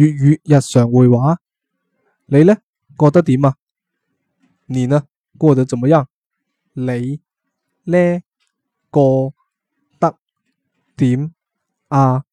粵語日常會話，你呢？過得點啊？你呢？過得怎麼樣？你呢？過得點啊？